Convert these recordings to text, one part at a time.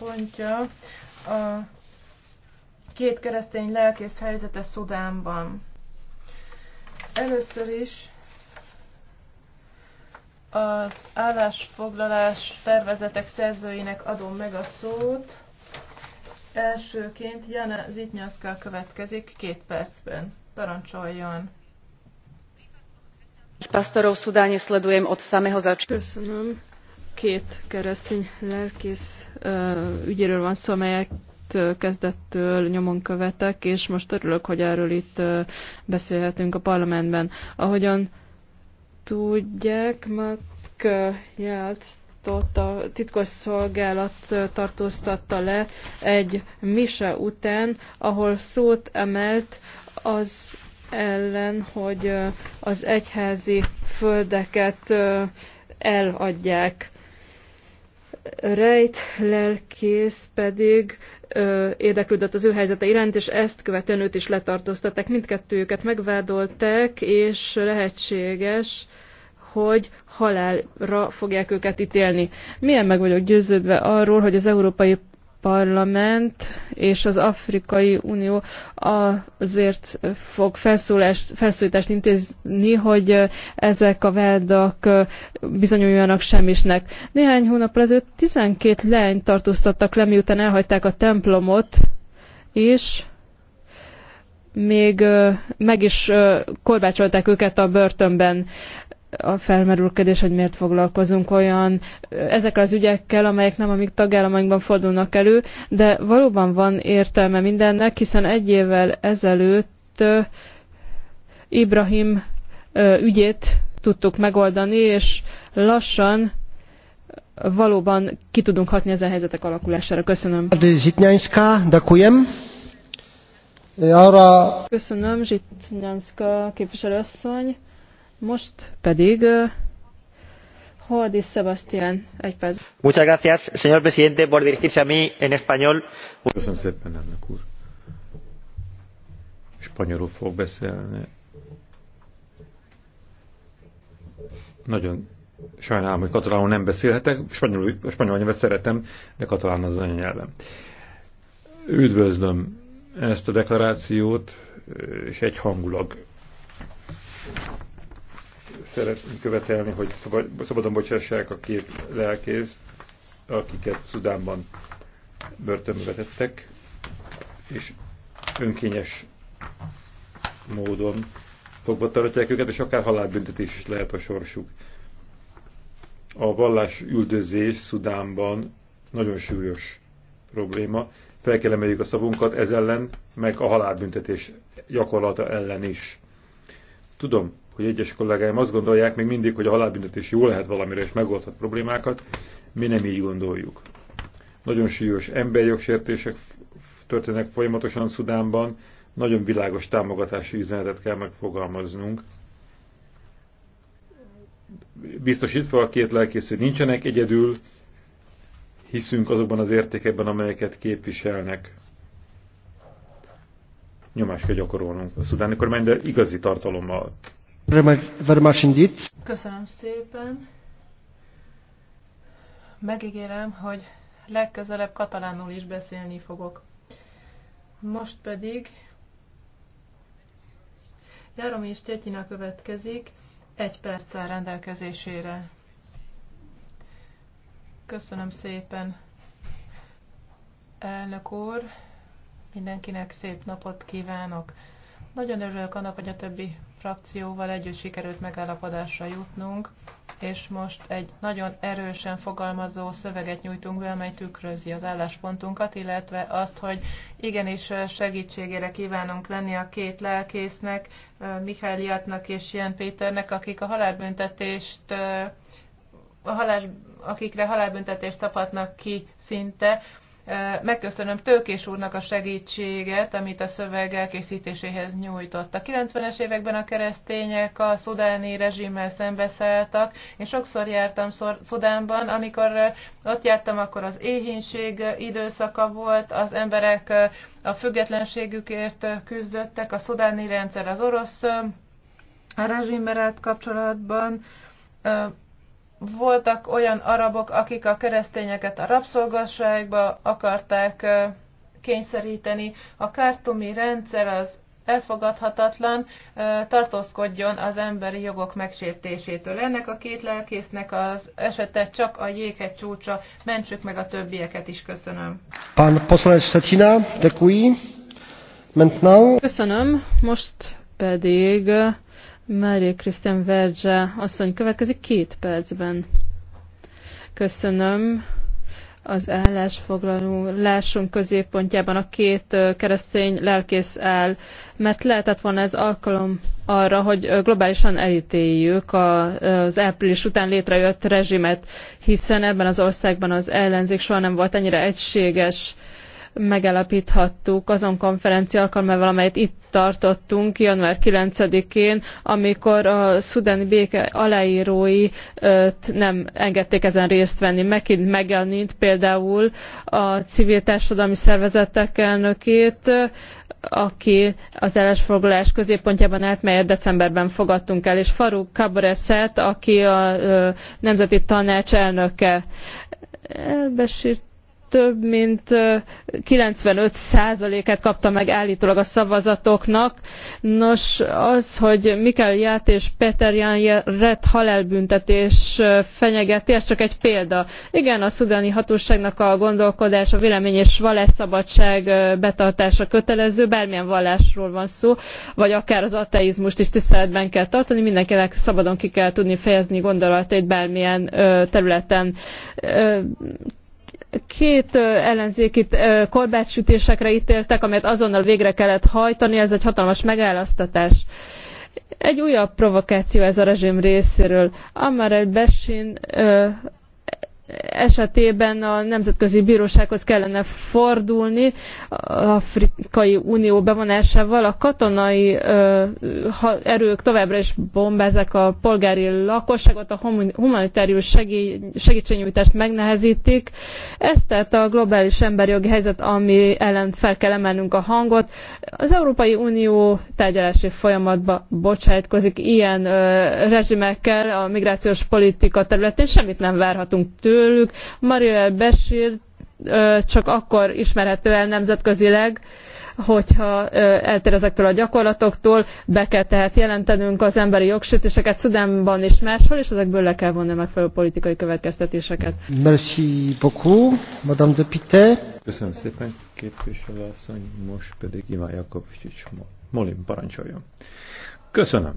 pontja a két keresztény lelkész helyzete Szudánban. Először is az állásfoglalás tervezetek szerzőinek adom meg a szót. Elsőként Jana Zitnyaszka következik két percben. Parancsoljon! Pastorov Szudáni sledujem od samého Köszönöm két keresztény lelkész ügyéről van szó, amelyek kezdettől nyomon követek, és most örülök, hogy erről itt beszélhetünk a parlamentben. Ahogyan tudják, meg Jelctot a titkosszolgálat tartóztatta le egy mise után, ahol szót emelt az ellen, hogy az egyházi földeket eladják. Rejt lelkész pedig ö, érdeklődött az ő helyzete iránt, és ezt követően őt is letartóztatták. Mindkettőjüket megvádolták, és lehetséges, hogy halálra fogják őket ítélni. Milyen meg vagyok győződve arról, hogy az Európai Parlament és az Afrikai Unió azért fog felszólást, felszólítást intézni, hogy ezek a vádak bizonyuljanak semmisnek. Néhány hónap ezelőtt 12 leányt tartóztattak le, miután elhagyták a templomot, és még meg is korbácsolták őket a börtönben a felmerül kérdés, hogy miért foglalkozunk olyan ezekkel az ügyekkel, amelyek nem a mi tagállamainkban fordulnak elő, de valóban van értelme mindennek, hiszen egy évvel ezelőtt Ibrahim ügyét tudtuk megoldani, és lassan valóban ki tudunk hatni ezen helyzetek alakulására. Köszönöm. Zsitnyánszka, dakujem. Köszönöm, Zsitnyánszka képviselőasszony. Most pedig Jordi Sebastián, egy perc. Muchas gracias, señor presidente, por dirigirse a mí en español. Köszönöm szépen, elnök úr. Spanyolul fog beszélni. Nagyon sajnálom, hogy katalánul nem beszélhetek. Spanyolul, spanyol nyelvet szeretem, de katalán az anyanyelvem. Üdvözlöm ezt a deklarációt, és egy hangulag szeretném követelni, hogy szabadon bocsássák a két lelkészt, akiket Szudánban börtönbe vetettek, és önkényes módon fogva tartják őket, és akár halálbüntetés is lehet a sorsuk. A vallás üldözés Szudánban nagyon súlyos probléma. Fel kell emeljük a szavunkat ez ellen, meg a halálbüntetés gyakorlata ellen is. Tudom, hogy egyes kollégáim azt gondolják még mindig, hogy a halálbüntetés jó lehet valamire és megoldhat problémákat, mi nem így gondoljuk. Nagyon súlyos emberjogsértések történnek folyamatosan Szudánban, nagyon világos támogatási üzenetet kell megfogalmaznunk. Biztosítva a két lelkész, hogy nincsenek egyedül, hiszünk azokban az értékekben, amelyeket képviselnek. Nyomást kell gyakorolnunk a szudáni kormány, de igazi tartalommal. Very much indeed. Köszönöm szépen. Megígérem, hogy legközelebb katalánul is beszélni fogok. Most pedig Járom és Tétyina következik, egy perccel rendelkezésére. Köszönöm szépen, elnök úr, mindenkinek szép napot kívánok. Nagyon örülök annak, hogy a többi frakcióval együtt sikerült megállapodásra jutnunk, és most egy nagyon erősen fogalmazó szöveget nyújtunk be, amely tükrözi az álláspontunkat, illetve azt, hogy igenis segítségére kívánunk lenni a két lelkésznek, Mihály Jatnak és Jan Péternek, akik a halálbüntetést a halál, akikre halálbüntetést tapatnak ki szinte, Megköszönöm Tőkés úrnak a segítséget, amit a szöveg elkészítéséhez nyújtott. A 90-es években a keresztények a szudáni rezsimmel szembeszálltak. Én sokszor jártam Szudánban, amikor ott jártam, akkor az éhínség időszaka volt, az emberek a függetlenségükért küzdöttek, a szudáni rendszer az orosz a rezsimmel kapcsolatban voltak olyan arabok, akik a keresztényeket a rabszolgasságba akarták kényszeríteni. A kártumi rendszer az elfogadhatatlan, tartózkodjon az emberi jogok megsértésétől. Ennek a két lelkésznek az esete csak a jéghegy csúcsa. Mentsük meg a többieket is, köszönöm. Pán poszolás Szecina, dekui. Köszönöm, most pedig Mária Krisztián Verge asszony következik két percben. Köszönöm az állásfoglalásunk középpontjában a két keresztény lelkész áll, mert lehetett volna ez alkalom arra, hogy globálisan elítéljük az április után létrejött rezsimet, hiszen ebben az országban az ellenzék soha nem volt ennyire egységes megelepíthattuk azon konferencia alkalmával, amelyet itt tartottunk január 9-én, amikor a szudáni béke aláírói nem engedték ezen részt venni. Megint megjelenít például a civil társadalmi szervezetek elnökét, aki az állásfoglalás középpontjában állt, melyet decemberben fogadtunk el, és Faruk Kabareset, aki a Nemzeti Tanács elnöke. Elbesírt több mint 95%-át kapta meg állítólag a szavazatoknak. Nos, az, hogy Mikael Ját és Peter Ján rett halálbüntetés fenyegeti, ez csak egy példa. Igen, a szudáni hatóságnak a gondolkodás, a vélemény és vallásszabadság betartása kötelező, bármilyen vallásról van szó, vagy akár az ateizmust is tiszteletben kell tartani, mindenkinek szabadon ki kell tudni fejezni gondolatait bármilyen területen Két ellenzéki korbácsütésekre ítéltek, amelyet azonnal végre kellett hajtani, ez egy hatalmas megállasztatás. Egy újabb provokáció ez a rezsim részéről. Amar el-Bessin esetében a Nemzetközi Bírósághoz kellene fordulni az Afrikai Unió bevonásával. A katonai erők továbbra is bombázzák a polgári lakosságot, a humanitárius segély, segítségnyújtást megnehezítik. Ez tehát a globális emberjogi helyzet, ami ellen fel kell emelnünk a hangot. Az Európai Unió tárgyalási folyamatba bocsátkozik ilyen rezsimekkel a migrációs politika területén, semmit nem várhatunk tőle tőlük. Mariel Besir csak akkor ismerhető el nemzetközileg, hogyha eltér ezektől a gyakorlatoktól, be kell tehát jelentenünk az emberi jogsértéseket Szudánban és máshol, és ezekből le kell vonni megfelelő politikai következtetéseket. Merci beaucoup, Madame de Pité. Köszönöm szépen, képviselőasszony, most pedig Iván Jakobsics Molin parancsoljon. Köszönöm.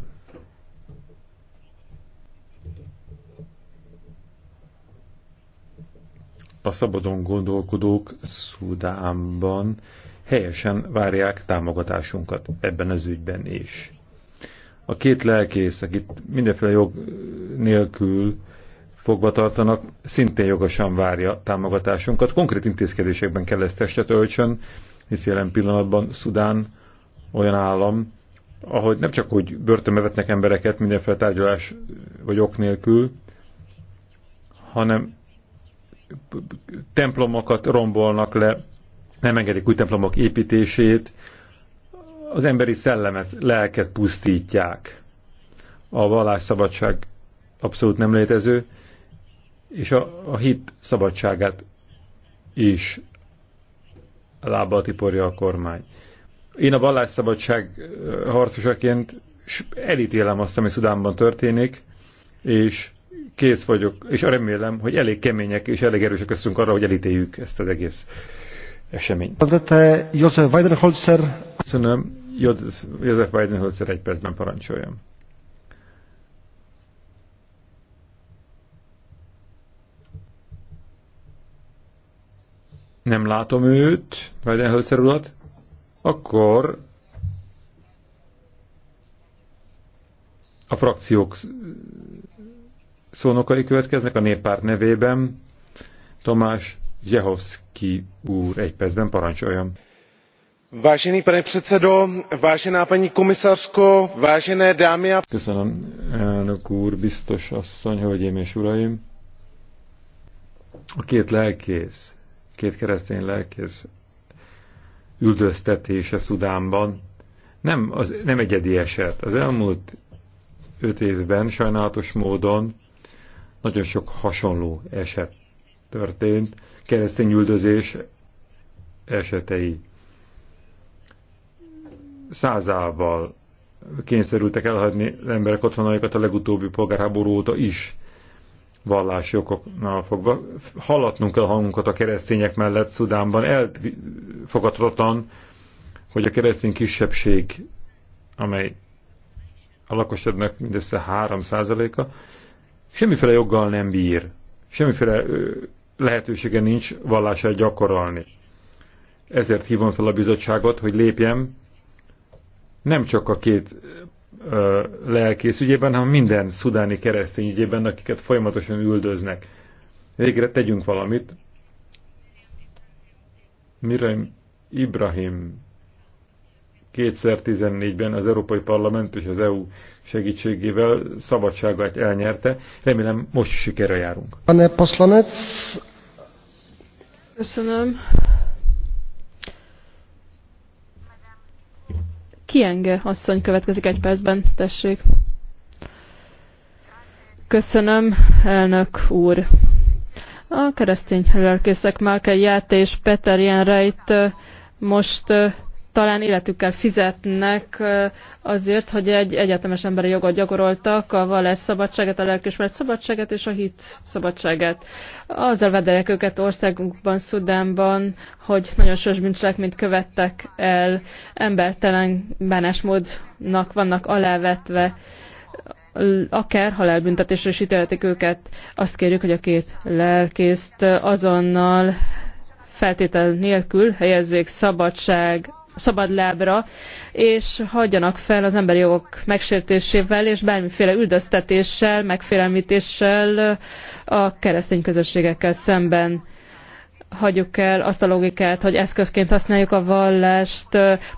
a szabadon gondolkodók Szudánban helyesen várják támogatásunkat ebben az ügyben is. A két lelkész, akit mindenféle jog nélkül fogva tartanak, szintén jogosan várja támogatásunkat. Konkrét intézkedésekben kell ezt testet öltsön, hisz jelen pillanatban Szudán olyan állam, ahogy nem csak hogy börtönbe vetnek embereket mindenféle tárgyalás vagy ok nélkül, hanem templomokat rombolnak le, nem engedik új templomok építését, az emberi szellemet, lelket pusztítják. A vallásszabadság abszolút nem létező, és a, a hit szabadságát is lábbal tiporja a kormány. Én a vallásszabadság eh, harcosaként elítélem azt, ami Szudánban történik, és kész vagyok, és remélem, hogy elég kemények és elég erősek összünk arra, hogy elítéljük ezt az egész eseményt. József Weidenholzer. Köszönöm. József Weidenholzer egy percben parancsoljam. Nem látom őt, Weidenholzer urat. Akkor a frakciók szónokai következnek a néppárt nevében. Tomás Zsehovszki úr egy percben parancsoljon. Vážený pane předsedo, vážená paní komisařko, vážené dámy a... Köszönöm, elnök úr, biztos asszony, hölgyeim és uraim. A két lelkész, két keresztény lelkész üldöztetése Szudánban nem, az, nem egyedi eset. Az elmúlt öt évben sajnálatos módon nagyon sok hasonló eset történt, keresztény üldözés esetei százával kényszerültek elhagyni emberek otthonaikat a legutóbbi polgárháború óta is vallási okoknál fogva. Hallatnunk kell hangunkat a keresztények mellett Szudánban. Elfogadhatatlan, hogy a keresztény kisebbség, amely a lakosságnak mindössze 3%-a, semmiféle joggal nem bír, semmiféle lehetősége nincs vallását gyakorolni. Ezért hívom fel a bizottságot, hogy lépjem nem csak a két lelkész ügyében, hanem minden szudáni keresztény ügyében, akiket folyamatosan üldöznek. Végre tegyünk valamit. Mirem Ibrahim 2014-ben az Európai Parlament és az EU segítségével szabadságát elnyerte. Remélem most is sikerre járunk. Pane poslanec. Köszönöm. Kienge asszony következik egy percben, tessék. Köszönöm, elnök úr. A keresztény lelkészek Márkely Játé és Peter Jenreit most talán életükkel fizetnek azért, hogy egy egyetemes emberi jogot gyakoroltak, a vallás szabadságát, a lelkismeret szabadságát és a hit szabadságát. Azzal vedelek őket országunkban, Szudánban, hogy nagyon sős bűncselekményt követtek el, embertelen bánásmódnak vannak alávetve, akár halálbüntetésre is ítéletik őket. Azt kérjük, hogy a két lelkészt azonnal feltétel nélkül helyezzék szabadság lábra, és hagyjanak fel az emberi jogok megsértésével és bármiféle üldöztetéssel, megfélemlítéssel a keresztény közösségekkel szemben hagyjuk el azt a logikát, hogy eszközként használjuk a vallást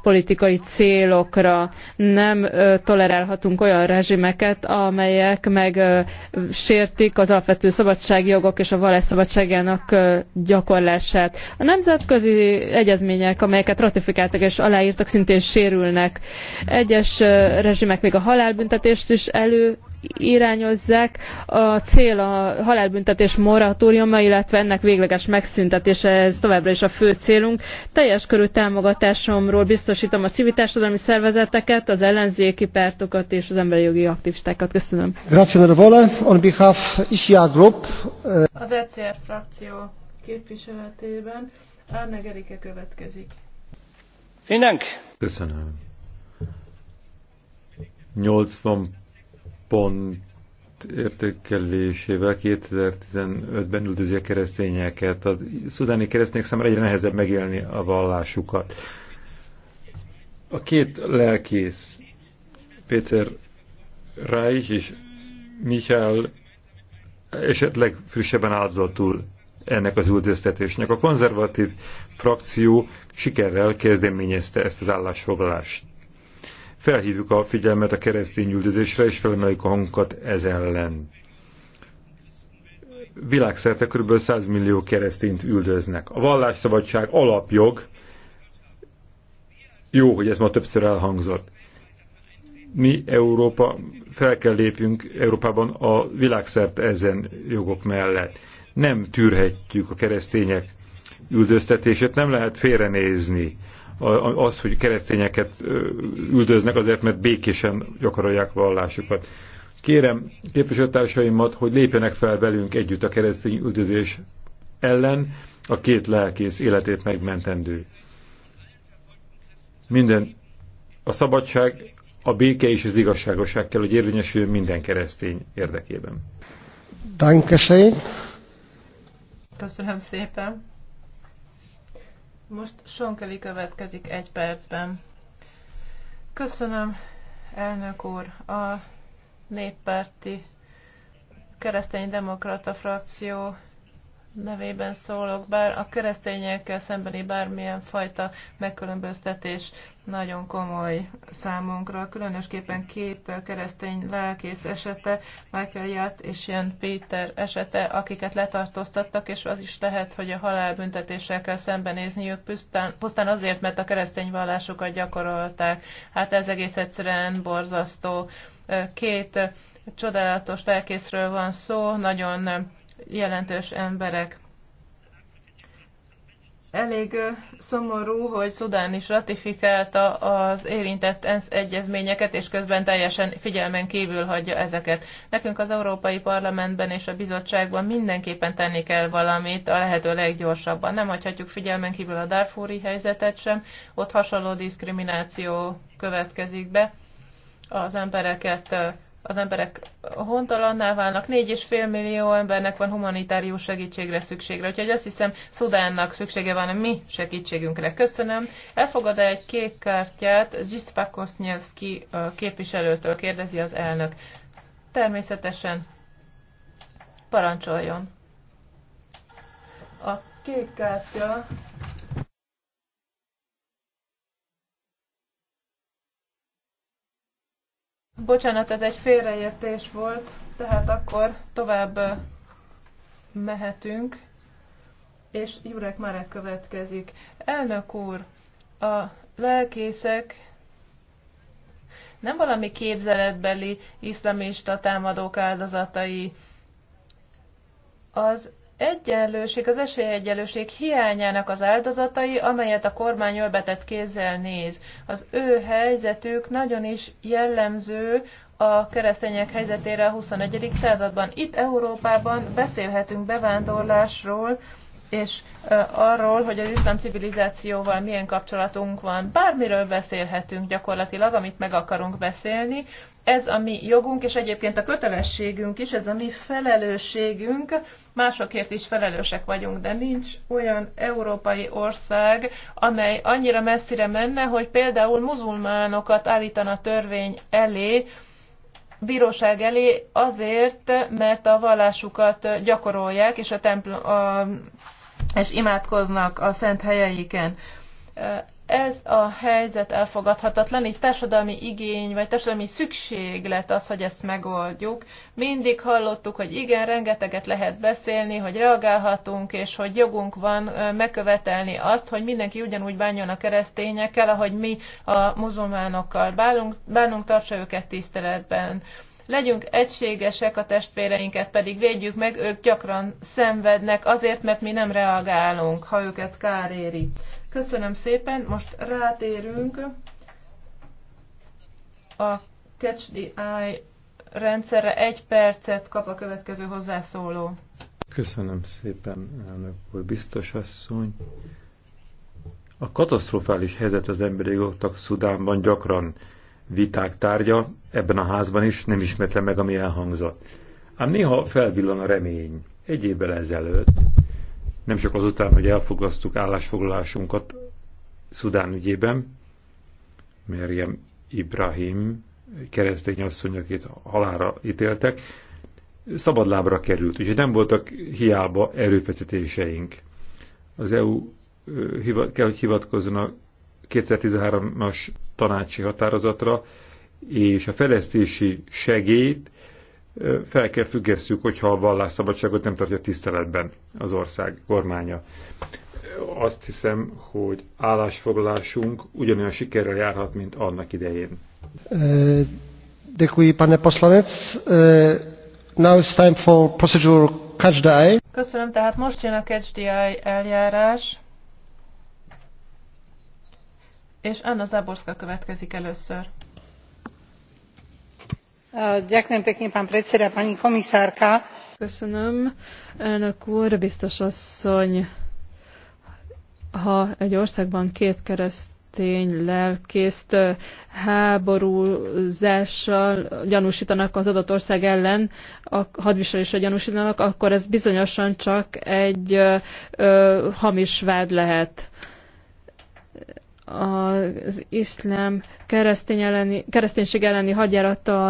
politikai célokra. Nem tolerálhatunk olyan rezsimeket, amelyek megsértik az alapvető szabadságjogok és a vallás szabadságának gyakorlását. A nemzetközi egyezmények, amelyeket ratifikáltak és aláírtak, szintén sérülnek. Egyes rezsimek még a halálbüntetést is elő irányozzák. A cél a halálbüntetés moratóriuma, illetve ennek végleges megszüntetése, ez továbbra is a fő célunk. Teljes körű támogatásomról biztosítom a civil társadalmi szervezeteket, az ellenzéki pártokat és az emberi jogi aktivistákat. Köszönöm. On behalf ICA Group, eh, Az ECR frakció képviseletében Árne Gerike következik. Köszönöm. 80 pont értékelésével 2015-ben üldözi a keresztényeket. A szudáni keresztények számára egyre nehezebb megélni a vallásukat. A két lelkész, Péter Reich és Michael esetleg frissebben áldozatul ennek az üldöztetésnek. A konzervatív frakció sikerrel kezdeményezte ezt az állásfoglalást. Felhívjuk a figyelmet a keresztény üldözésre, és felemeljük a hangunkat ez ellen. Világszerte kb. 100 millió keresztényt üldöznek. A vallásszabadság alapjog, jó, hogy ez ma többször elhangzott. Mi Európa, fel kell lépjünk Európában a világszerte ezen jogok mellett. Nem tűrhetjük a keresztények üldöztetését, nem lehet félrenézni az, hogy keresztényeket üldöznek azért, mert békésen gyakorolják vallásukat. Kérem képviselőtársaimat, hogy lépjenek fel velünk együtt a keresztény üldözés ellen, a két lelkész életét megmentendő. Minden a szabadság, a béke és az igazságosság kell, hogy érvényesüljön minden keresztény érdekében. Dankeschön. Köszönöm szépen. Most Sonkeli következik egy percben. Köszönöm, elnök úr. A néppárti Demokrata frakció nevében szólok, bár a keresztényekkel szembeni bármilyen fajta megkülönböztetés nagyon komoly számunkra, különösképpen két keresztény lelkész esete, Michael Yatt és Jan Péter esete, akiket letartóztattak, és az is lehet, hogy a halálbüntetéssel kell szembenézniük pusztán, pusztán azért, mert a keresztény vallásukat gyakorolták. Hát ez egész egyszerűen borzasztó. Két csodálatos lelkészről van szó, nagyon jelentős emberek. Elég szomorú, hogy Szudán is ratifikálta az érintett ENSZ egyezményeket, és közben teljesen figyelmen kívül hagyja ezeket. Nekünk az Európai Parlamentben és a bizottságban mindenképpen tenni kell valamit a lehető leggyorsabban. Nem hagyhatjuk figyelmen kívül a Darfúri helyzetet sem, ott hasonló diszkrimináció következik be. Az embereket az emberek hontalanná válnak, 4,5 millió embernek van humanitárius segítségre szükségre, úgyhogy azt hiszem Szudánnak szüksége van a mi segítségünkre. Köszönöm. elfogad -e egy kék kártyát Kosznyelszki képviselőtől, kérdezi az elnök. Természetesen parancsoljon. A kék kártya Bocsánat, ez egy félreértés volt, tehát akkor tovább mehetünk, és Jurek Marek következik. Elnök úr, a lelkészek nem valami képzeletbeli iszlamista támadók áldozatai, az egyenlőség, az esélyegyenlőség hiányának az áldozatai, amelyet a kormány ölbetett kézzel néz. Az ő helyzetük nagyon is jellemző a keresztények helyzetére a 21. században. Itt Európában beszélhetünk bevándorlásról, és arról, hogy az iszlám civilizációval milyen kapcsolatunk van. Bármiről beszélhetünk gyakorlatilag, amit meg akarunk beszélni, ez a mi jogunk, és egyébként a kötelességünk is, ez a mi felelősségünk, másokért is felelősek vagyunk, de nincs olyan európai ország, amely annyira messzire menne, hogy például muzulmánokat állítana törvény elé, bíróság elé azért, mert a vallásukat gyakorolják, és a templom, a, és imádkoznak a szent helyeiken ez a helyzet elfogadhatatlan, így társadalmi igény vagy társadalmi szükséglet az, hogy ezt megoldjuk. Mindig hallottuk, hogy igen, rengeteget lehet beszélni, hogy reagálhatunk, és hogy jogunk van megkövetelni azt, hogy mindenki ugyanúgy bánjon a keresztényekkel, ahogy mi a muzulmánokkal bánunk, bánunk tartsa őket tiszteletben. Legyünk egységesek, a testvéreinket pedig védjük meg, ők gyakran szenvednek azért, mert mi nem reagálunk, ha őket kár éri. Köszönöm szépen, most rátérünk a Catch the Eye rendszerre. Egy percet kap a következő hozzászóló. Köszönöm szépen, elnök úr, biztos asszony. A katasztrofális helyzet az emberi jogoknak Szudánban gyakran viták tárgya, ebben a házban is nem ismertem meg, ami elhangzott. Ám néha felvillan a remény. Egy évvel ezelőtt nem csak azután, hogy elfoglasztuk állásfoglalásunkat Szudán ügyében, Meriem Ibrahim keresztény asszony, akit halára ítéltek, szabadlábra került, úgyhogy nem voltak hiába erőfeszítéseink. Az EU kell, hogy hivatkozzon a 2013-as tanácsi határozatra, és a fejlesztési segélyt fel kell függesszük, hogyha a vallásszabadságot nem tartja tiszteletben az ország kormánya. Azt hiszem, hogy állásfoglalásunk ugyanolyan sikerrel járhat, mint annak idején. Děkuji, pane poslanec. Now it's time for procedure catch the eye. Köszönöm, tehát most jön a catch the eye eljárás. És Anna Zaborska következik először elnök úr, biztos asszony. Ha egy országban két keresztény lelkészt háborúzással gyanústanak az adott ország ellen, a hadviselésre gyanústanak akkor ez bizonyosan csak egy hamis vád lehet az iszlám keresztény elleni, kereszténység elleni hagyjárata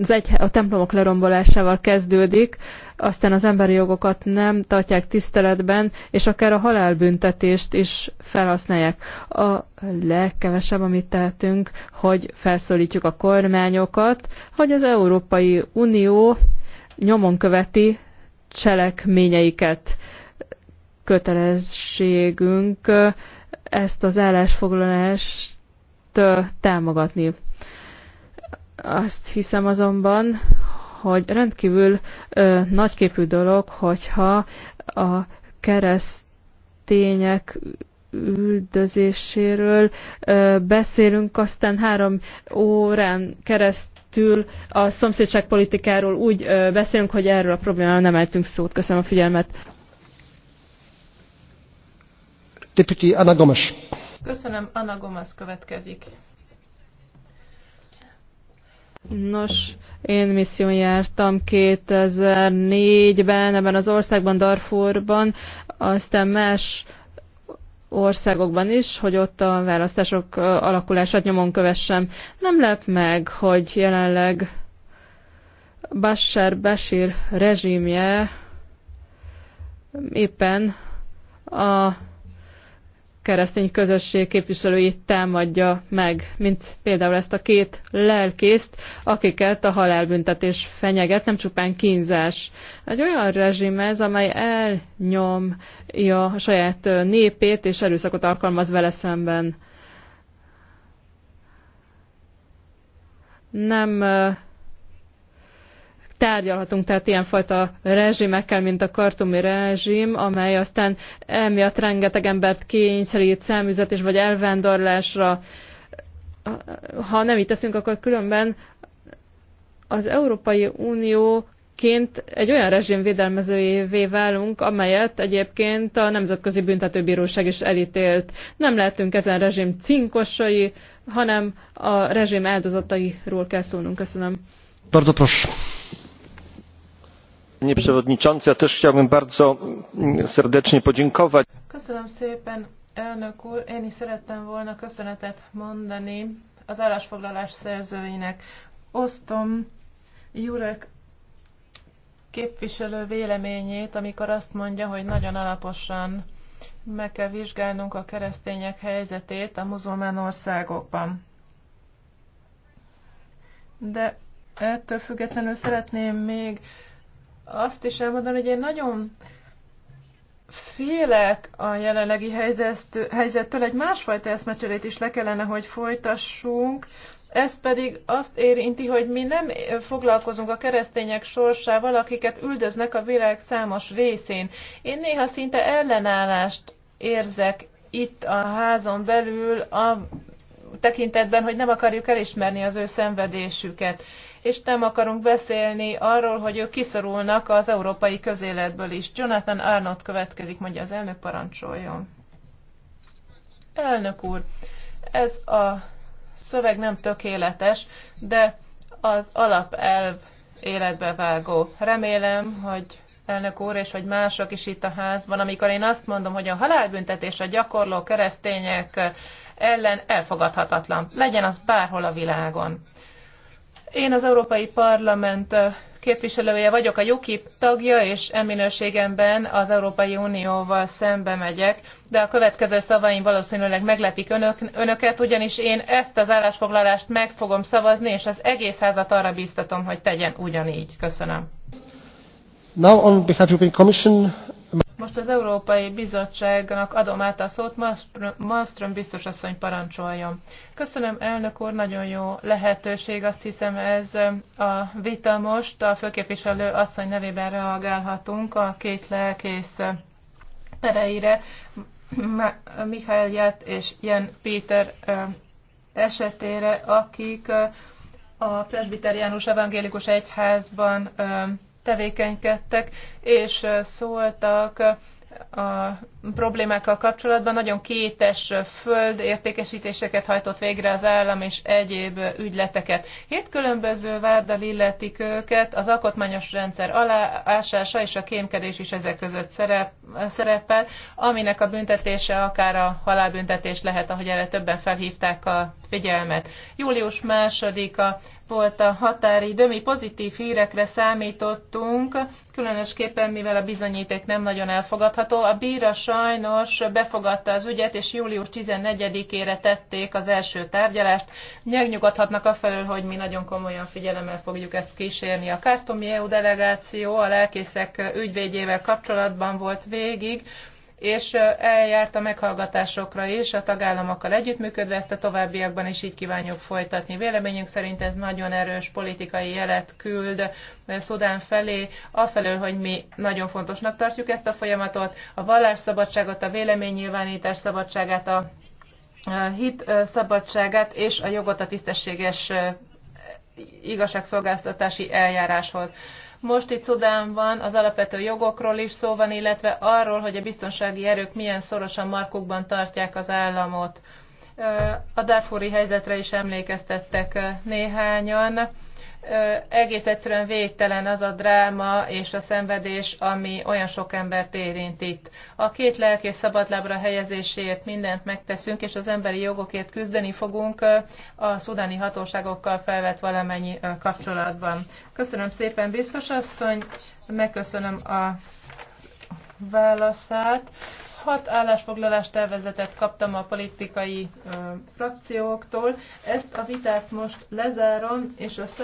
az egy, a templomok lerombolásával kezdődik, aztán az emberi jogokat nem tartják tiszteletben, és akár a halálbüntetést is felhasználják. A legkevesebb, amit tehetünk, hogy felszólítjuk a kormányokat, hogy az Európai Unió nyomon követi cselekményeiket. Kötelességünk ezt az állásfoglalást támogatni. Azt hiszem azonban, hogy rendkívül ö, nagyképű dolog, hogyha a keresztények üldözéséről ö, beszélünk, aztán három órán keresztül a szomszédságpolitikáról úgy ö, beszélünk, hogy erről a problémáról nem eltünk szót. Köszönöm a figyelmet. Deputy Anna Gomes. Köszönöm, Anna Gomes következik. Nos, én misszión jártam 2004-ben ebben az országban, Darfurban, aztán más országokban is, hogy ott a választások alakulását nyomon kövessem. Nem lep meg, hogy jelenleg Bashar Bashir rezsimje éppen a keresztény közösség képviselőit támadja meg, mint például ezt a két lelkészt, akiket a halálbüntetés fenyeget, nem csupán kínzás. Egy olyan rezsim ez, amely elnyomja a saját népét és erőszakot alkalmaz vele szemben. Nem tárgyalhatunk tehát ilyenfajta rezsimekkel, mint a kartumi rezsim, amely aztán emiatt rengeteg embert kényszerít száműzetés vagy elvándorlásra. Ha nem így teszünk, akkor különben az Európai Unió ként egy olyan rezsim védelmezőjévé válunk, amelyet egyébként a Nemzetközi Büntetőbíróság is elítélt. Nem lehetünk ezen rezsim cinkosai, hanem a rezsim áldozatairól kell szólnunk. Köszönöm. Bardzo panie przewodniczący! ja też chciałbym bardzo mm, serdecznie podziękować. köszönöm szépen elnök úr én is szerettem volna köszönetet mondani az állásfoglalás szerzőinek. osztom jurek képviselő véleményét amikor azt mondja hogy nagyon alaposan meg kell vizsgálnunk a keresztények helyzetét a muzulmán országokban. De ettől függetlenül szeretném még azt is elmondani, hogy én nagyon félek a jelenlegi helyzettől, egy másfajta eszmecserét is le kellene, hogy folytassunk, ez pedig azt érinti, hogy mi nem foglalkozunk a keresztények sorsával, akiket üldöznek a világ számos részén. Én néha szinte ellenállást érzek itt a házon belül a tekintetben, hogy nem akarjuk elismerni az ő szenvedésüket és nem akarunk beszélni arról, hogy ők kiszorulnak az európai közéletből is. Jonathan Arnott következik, mondja az elnök, parancsoljon. Elnök úr, ez a szöveg nem tökéletes, de az alapelv életbe vágó. Remélem, hogy elnök úr, és hogy mások is itt a házban, amikor én azt mondom, hogy a halálbüntetés a gyakorló keresztények ellen elfogadhatatlan. Legyen az bárhol a világon. Én az Európai Parlament képviselője vagyok, a UKIP tagja, és eminőségemben az Európai Unióval szembe megyek, de a következő szavaim valószínűleg meglepik önök, önöket, ugyanis én ezt az állásfoglalást meg fogom szavazni, és az egész házat arra bíztatom, hogy tegyen ugyanígy. Köszönöm. Now on behalf of the Commission, most az Európai Bizottságnak adom át a szót, Malmström biztos asszony parancsoljon. Köszönöm, elnök úr, nagyon jó lehetőség, azt hiszem ez a vita most, a főképviselő asszony nevében reagálhatunk a két lelkész pereire, Mihály és Jan Péter esetére, akik a presbiteriánus evangélikus egyházban tevékenykedtek, és szóltak a problémákkal kapcsolatban nagyon kétes földértékesítéseket hajtott végre az állam és egyéb ügyleteket. Hét különböző váddal illetik őket, az alkotmányos rendszer aláásása és a kémkedés is ezek között szerep, szerepel, aminek a büntetése akár a halálbüntetés lehet, ahogy erre többen felhívták a figyelmet. Július másodika volt a határidő, mi pozitív hírekre számítottunk, különösképpen mivel a bizonyíték nem nagyon elfogadható. A bíra sajnos befogadta az ügyet, és július 14-ére tették az első tárgyalást. Megnyugodhatnak afelől, hogy mi nagyon komolyan figyelemmel fogjuk ezt kísérni. A Kártomi EU delegáció a lelkészek ügyvédjével kapcsolatban volt végig, és eljárt a meghallgatásokra is, a tagállamokkal együttműködve, ezt a továbbiakban is így kívánjuk folytatni. Véleményünk szerint ez nagyon erős politikai jelet küld Szudán felé, afelől, hogy mi nagyon fontosnak tartjuk ezt a folyamatot, a vallásszabadságot, a véleménynyilvánítás szabadságát, a hit szabadságát és a jogot a tisztességes igazságszolgáltatási eljáráshoz. Most itt Szudánban az alapvető jogokról is szó van, illetve arról, hogy a biztonsági erők milyen szorosan markukban tartják az államot. A Darfuri helyzetre is emlékeztettek néhányan egész egyszerűen végtelen az a dráma és a szenvedés, ami olyan sok embert érint itt. A két lelkész szabadlábra helyezéséért mindent megteszünk, és az emberi jogokért küzdeni fogunk a szudáni hatóságokkal felvett valamennyi kapcsolatban. Köszönöm szépen, biztos asszony, megköszönöm a válaszát. Hat állásfoglalás tervezetet kaptam a politikai ö, frakcióktól. Ezt a vitát most lezárom, és a